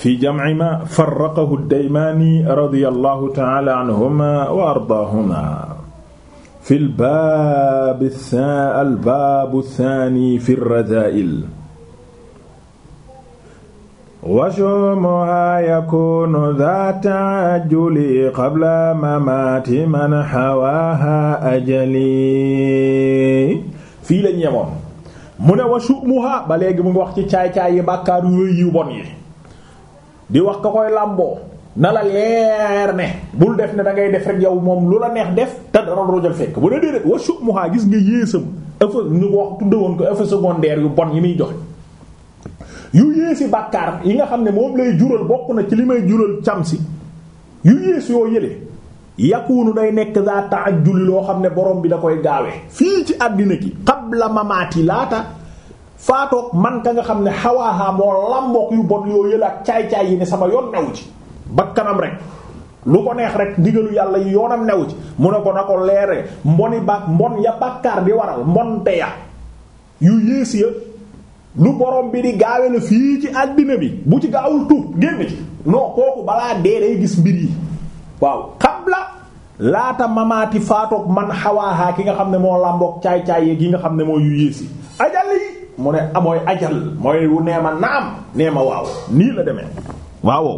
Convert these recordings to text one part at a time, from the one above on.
fi jam'i ma farraqahu ad-Daymaani radiyallahu ta'ala anhuma wa ardaahuma fil baabi tha al baabu thaani fi ar-razaa'il wa shumuha yakunu dha ta'ajjuli qabla mamaati man hawaaha ajali fii lañ yemoon mu ne wa shumuha ba léegi mu ngi wax ci caay-caay yi bàkkaar yu bon yi di wax ka koy làmboo na la leer ne bul def ne da ngay def rek yow moom lu la neex def te dara rojal fekk bu dee déedéet wasu muhaa gis nga yéesam effet ñu wax tudde woon ko effet secondaire yu bon yi muy joxe yu yéesi bàkkaar yi nga xam ne moom lay jural bokk na ci li may jural cam si yu yées yoo yële yakunu day nekk ak ta'ajjul loo xam ne borom bi da koy gaawee fii ci àddina gi qabla mamaati laata faatoog man ka nga xam ne xawaahaa moo lamboog yu bon yoo yëla ak caay-caay yi ne sama yoon new ci kanam rek lu ko neex rek digalu yàlla yi yoonam new ci mu ne ko na ko leere mboni bak mbon ya waral mbonte ya yu yées ya lu borom bi di gaawe la fii ci àddina bi bu ci gaawul tuub génn ci non kooku balaa dee day gis mbir yi waaw xabla laata mamaati faatoog man xawaahaa ki nga xam ne moo lamboog caay-caay yi nga xam ne moo yu yées yi mu ne amooy ajal mooy wu neema naam neema waaw nii la demee waaw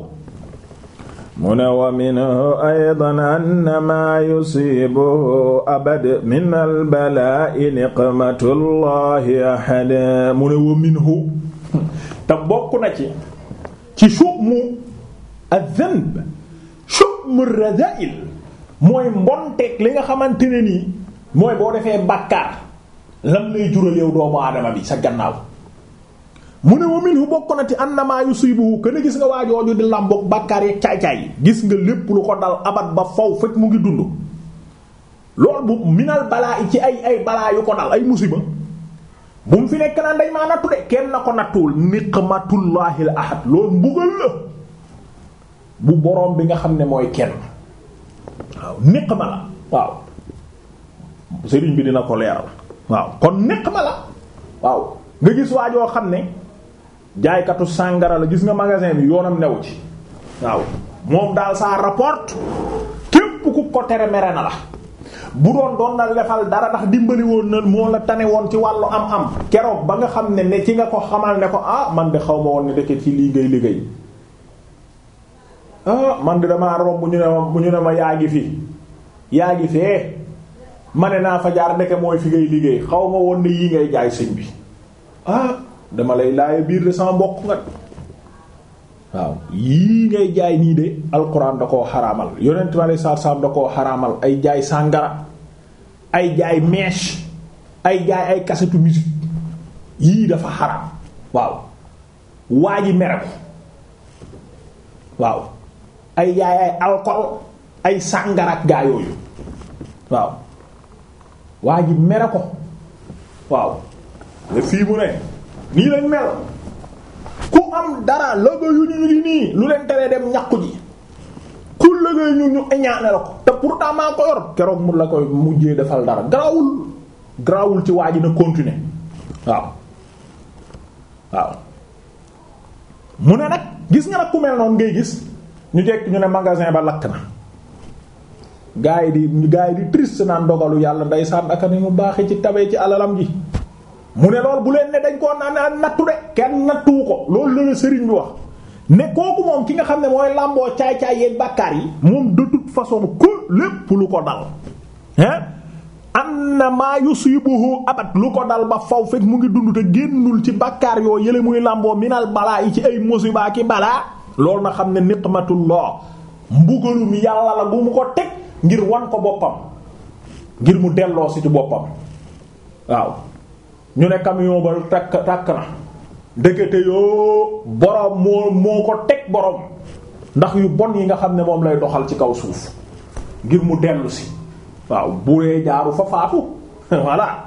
mu ne wa minhu aydan anna maa yusiibuhu abad min albalaa'i niqmatullahi ahad mu ne wa minhu te bokk na ci ci shu'mu adh-dhanb shu'mu ar-radha'il mooy mbonteeg li nga xamante ne nii mooy boo defee bàkkaar lan lay jural yow doomu aadama bi sa gannaaw mu ne wa minhu bokk na ci annama yusibu kën gis nga waajooju di làmboog bàkkaar yeeg caay-caay yi gis nga lépp lu ko dal abat ba faw fekk mu ngi dund loolu bu minal balaa ci ay ay balaa yu ko dal ay musiba bu mu fi nekk naan dañ maa nattu de kenn na ko nattuwul niqmatullahil ahad loolu mbugal la bu boroom bi nga xam ne mooy kenn waaw niqma la waaw sëriñ bi dina ko leeral waaw kon nekk ma la waaw nga gis waa joo xam ne jaaykatu sàngara la gis nga magasin bi yoonam new ci waaw moom daal sa rapport képp ku ko tere mere na la bu doon doon na defal dara ndax dimbali woon na moo la tane woon ci wàllu am-am keroog ba nga xam ne ne ci nga ko xamal ne ko ah man de xaw ma woon ne dëkk ci lii ngay liggéey ah man de dama romb bu ñu ne ma bu ñu yaa ngi yaa ngi fee mane naa fa jaar ndeke mooy fi ngay liggéey xaw ma woon ne yii ngay jaay sëñ bi ah dama lay laaj biir de sama mbokk nga waaw yii ngay jaay nii de alxuraan da koo xaraamal yonent ma lay saar saam da koo xaraamal ay jaay sàngara ay jaay mèche ay jaay ay kasetu musique yii dafa xaraam waaw waa ji mere ko waaw ay jaay ay alcool ay sàngara ak gaa yooyu waaw waa ji mere ko waaw le fii mu ne nii lañ mel ku am dara lëga yu ñu lu leen teree dem ñàqu ji ku lëgay ñu ñu iñaane la ko te pourtant maa ko yor keroog mu la koy mujjee defal dara garawul garawul ci waa ji na continuer waaw waaw mu ne nag gis nga nag ku mel noonu ngay gis ñu jekk ñu ne magasin ba lakk na gaa yi di gaa yi di triste naan dogalu yàlla ndeysaan aka ni mu baaxee ci tabee ci alalam ji mu ne lool bu leen ne dañ koo naan nattu de kenn nattu ko loolu la sëriñ bi wax ne kooku moom ki nga xam ne mooy làmboo caay-caay yeeg bàkkaar yi moom de façon ku lépp lu ko dal hein na maa yusibuhu abat lu ko dal ba faw fekk mu ngi dund te génnul ci bàkkaar yoo yële muy làmboo minal balaa yi ci ay musiba ki balaa loolu na xam ne niqmatullah loo yàlla ngir wan ko boppam ngir mu delloo si ci boppam waaw ñu ne camion ba takk tàkk na ndekete yoo boroom moo moo ko teg boroom ndax yu bon yi nga xam ne moom lay doxal ci kaw suuf ngir mu dellusi si waaw buree jaaru fa faatu voilà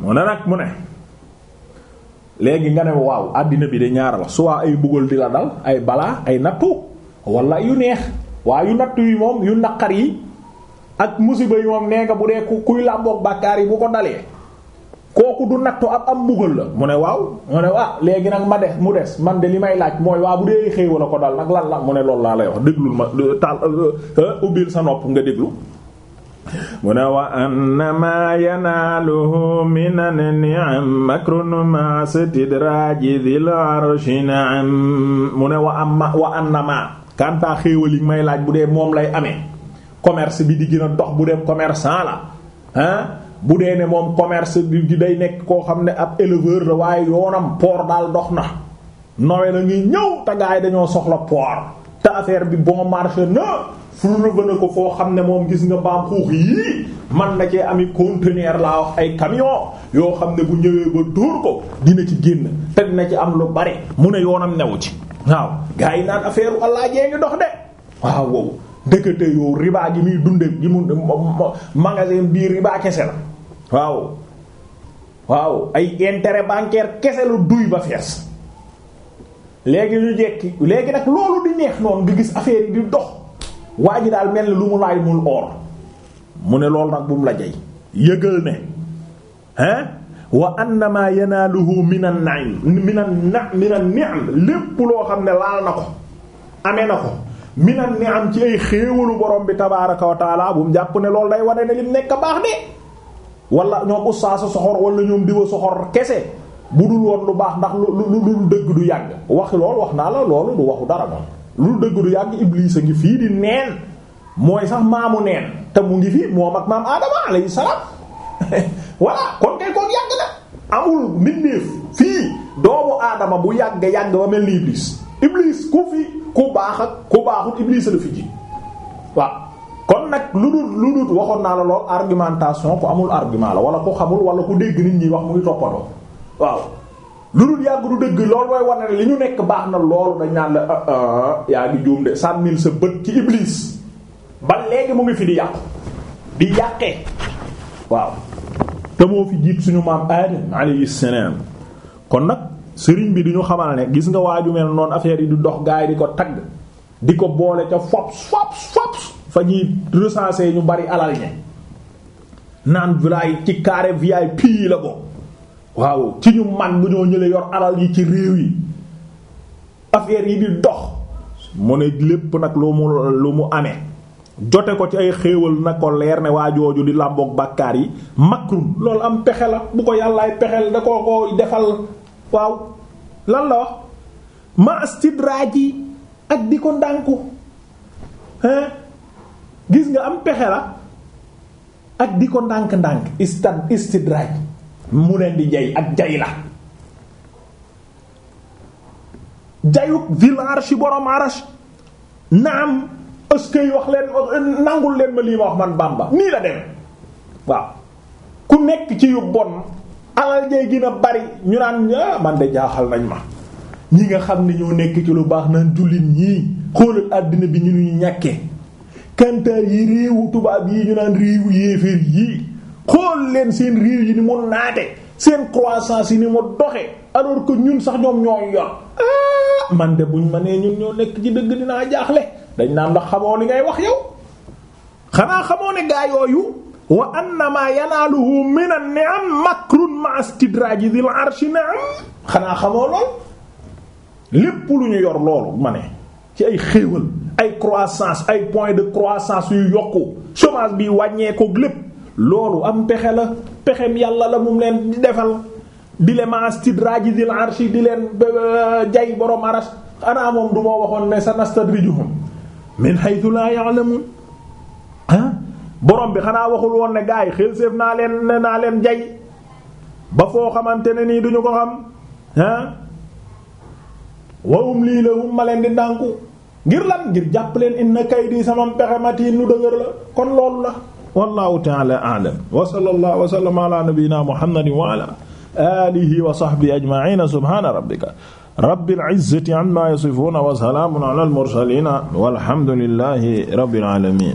mu ne nag mu ne léegi nga ne waaw àddina bi de ñaar su soit ay bugal di la dal ay balaa ay nattu wala yu neex waa yu natt yi moom yu naqar yi ak musiba yi moom nee nga bu dee kuy làmboog bàkkaar yi bu ko dalee kooku du nattu ab am mbugal la mu ne waaw mu ne ah léegi nag ma des mu des man de li may laaj mooy waa bu dee xéewal a ko dal nag lan la mu ne loolu laa lay wax déglul ma euh, taal euh, euh, ubbil sa nopp nga déglu mu ne wa annama yanaaluhu min an-ni'am makrun ma istidraji dhil arshi na'am mu ne wa amma wa annama kantaa xéewal yi may laaj bu dee moom lay amee commerce bi di gën a dox bu dee commerçant la ah bu dee ne moom commerce bi day nekk koo xam ne ab éleveur la waaye yoonam port daal dox na nowe na ngi ñëw te dañoo soxla port te affaire bi bon marché na fu lu na ko foo xam ne moom gis nga mbaam xuux yii man na cee ami conteneur laa wax ay camion yoo xam ne bu ñëwee ba dóor ko dina ci génn te na ci am lu bari mu ne yoonam newu ci waaw gars yi naan affaire u Allah jee ngi dox de waaw wow dëkkate yow ribaa gi muy dunde gi magasin bii ribaa kese la waaw waaw ay intérêt bancaire kese lu duy ba fees léegi ñu jekki léegi nag loolu di neex noonu nga gis affaire yi di dox waa ji daal mel ni lu mu laay mul or mu ne loolu nag bu la jey yëgal ne hein wa annama yanaaluhu minan na'im minan na minan lépp loo xam ne laal na ko amee na ko minan ni'am ci ay xéewalu borom bi tabaaraka wa taala jàpp ne loolu day wane ne lim nekk baax de wala ñoom ustaasa soxor wala ñoom diwa soxor kese bu dul woon lu baax ndax lu lu dëgg du yàgg waxi loolu wax naa la loolu du waxu dara moom lu dëgg du yàgg Iblis a ngi fii di neen mooy sax maamu neen te mu ngi fii moom ak maam Adama alayhi salaam voilà kon kay yàgg na amul mbindeef fii doomu Adama bu yàgg yàgg ba mel ni Iblis Iblis ku fi ku baax ak ku baaxut Iblis la fi ji waaw. kon nag lu dul lu dul waxoon naa la lool argumentation ku amul argument la wala ku xamul wala ku dégg nit ñi wax muy toppatoo. waaw lu dul yàgg du dëgg loolu mooy wane ne li ñu nekk baax na loolu dañ naan la ah, ah, yaa ngi juum de sànnil sa bët ci iblis ba léegi mu ngi fi di yàqu di yàqee waaw te moo fi jiit suñu maam aadam alayhi salaam kon nag sëriñ bi di ñu xamal ne gis nga waaju mel noonu affaire yi di dox gaay di ko tagg di ko boole ca fops fops fops fa ñuy recenser ñu bari alal ñe naan village ci carré VIP la ko waaw ci ñu man bu ñoo ñële yor alal yi ci réew yi affaire yi di dox mu ne lépp nag lu mu lu mu amee jote ko ci ay xéewal na ko leer ne waa jooju di làmboog bàkkaar yi makrun loolu am pexe la bu ko yàllaay pexel da koo ko defal waaw lan la wax ma istidraaj yi ak di ko ndànku hein gis nga am pexe la ak di ko ndànk-ndànk istad istidraaj mu leen di jay ak jay la jayut vil arsh borom arsh naam ëskey wax leen nangul leen ma lii ma wax man Bamba nii la dem waaw ku nekk ci yu bon alal jay gën a bari ñu naan ah, man de jaaxal nañ ma ñi nga xam ne ñoo nekk ci lu baax naan jullit ñii xoolal àddina bi ñu ñu ñàkkee kantaar yi réewu tubaab yi ñu naan réewu yéeféer yii xool leen seen riir yi ni mu naate seen croissance yi ni mu doxe alors que ñun sax ñoom ñoo yor ah, man de buñ ma nee ñun ñoo nekk ci dëgg dinaa jaaxle dañ naan la xamoo li ngay wax yow xanaa xamoo ne gaa yooyu wa annama yanaaluhu min an-ni'am makrun ma'a istidraji dhil arshi ni'am xanaa xamoo lool lépp lu ñu yor loolu ma ne ci ay xéewal ay croissance ay point de croissance yu yokku chômage bi wàññeekoo lépp loolu am pexe la pexem yàlla la mum leen di defal di le maas tidraji dil arshi di leen jay borom aras xanaa moom du moo waxoon ne sanastadrijuhum min haythu la ya'lamun ah borom bi xanaa waxul woon ne gars yi xel séef naa leen ne naa leen jay ba foo xamante ne nii duñu ko xam ah wa umli lahum ma leen di ndànku ngir lan ngir jàpp leen na inna kaydi sama pexe matin lu dëgër la kon loolu la wallahu ta'ala a'lam wa sallallahu wa sallama ala nabiyyina muhammadin wa ala alihi wa sahbihi ajma'ina subhana rabbika rabbil izzati amma yasifuna wa salamun ala al mursalin walhamdulillahi rabbil alamin